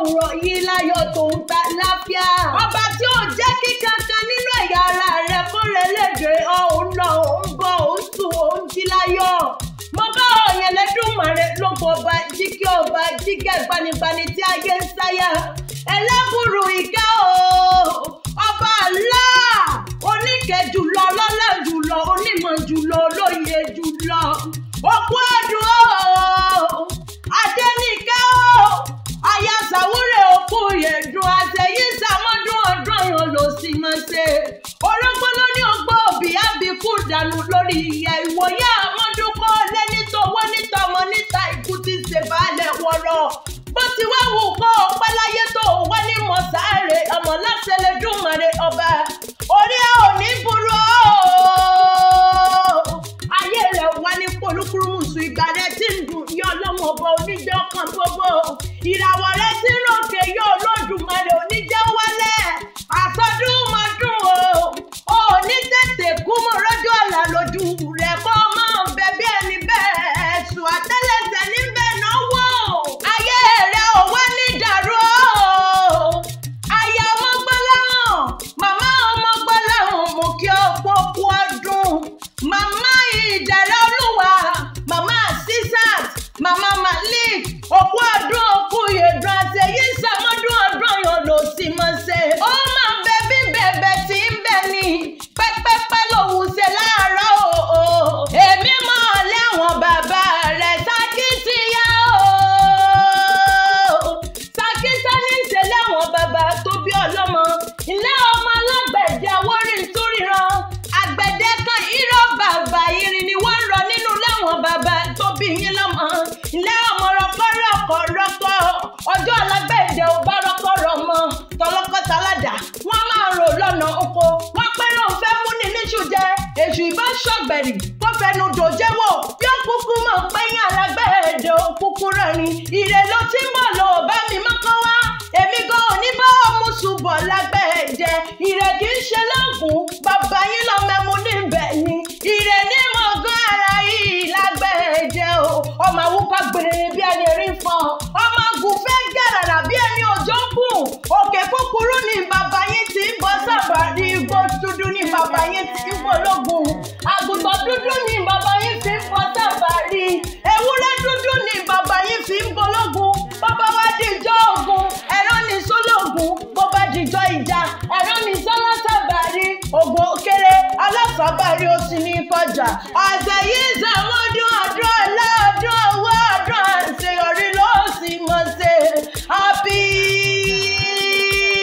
òwúrọ̀ yìí láyọ̀ tó ń ta láfíà. ọba tí ò jẹ́ kí kankan nínú ẹ̀yà ara rẹ̀ kórè léde ọ̀hún lọ òun bọ̀ òun sùn òun jí láyọ̀. mo bá ọ̀yàn lẹ́dùnmọ̀rẹ́ ló ń bọ̀ ọba jíkẹ́ ọba jíkẹ́ gbanigbani tí ayé ń sáyà. ẹlẹ́kùrù ìkẹ́ o ọba àlá oníkẹ́ jùlọ ọlọ́lá jùlọ onímọ̀ jùlọ olóye jùlọ. ọ̀pọ̀ ti mọ̀ ṣe. orógbó ló ní ọgbọ́n òbí àbíkú dànù lórí ìyá ìwòye àwọn dúkọ́ lẹ́ni tọwọ́ níta ọmọ níta ikú ti ṣe baálẹ̀ wọ̀rọ̀. bó ti wá wù kọ́ ọpẹ́ láyé tó wá ní mọ̀sáre ọmọ láṣẹ lè dùn mọ̀rẹ́ ọba. orí ẹ ò ní burú ooo. ayé rẹ̀ wá ní polúkúrúmùsù ìgbà rẹ̀ ti ń dùn ní ọlọ́mọ ọba oníjọ́ kan gbogbo. ìràwọ̀ rẹ̀ ti ń ròkè yóò lódùmarè oníjẹ́wọ́ bẹ̀rì kó fẹnu dòjẹ́ wò bí ó kúkú mọ̀ pẹ́yìn alágbẹ̀rẹ̀ èdè òkúkú rẹ̀ ni ló ti ń bọ̀ lọ bá mi mọ́kàn wá èmi gan ò ní bá ọmú ṣùbọ̀ lágbẹ̀ẹ́dẹ ire kì í ṣe lọ́gùn bàbá yín lọ àfọ̀bárí ó sì ní kọjá. ọ̀sẹ̀ yìí ṣàmúdùn ọdún ọ̀la owó ọdún àṣeyọrí ló sì mọ̀ ṣe. happy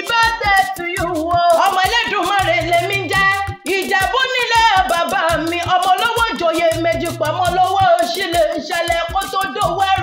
birthday to you o. ọmọ Elédùmarè lèmi jẹ́ Ìjẹ̀bú nílẹ̀ bàbá mi ọmọ olówó ìjòyè méjì pamọ́ lọ́wọ́ òṣìlẹ̀ ìṣẹ̀lẹ̀ kó tó dòwẹ́rẹ́.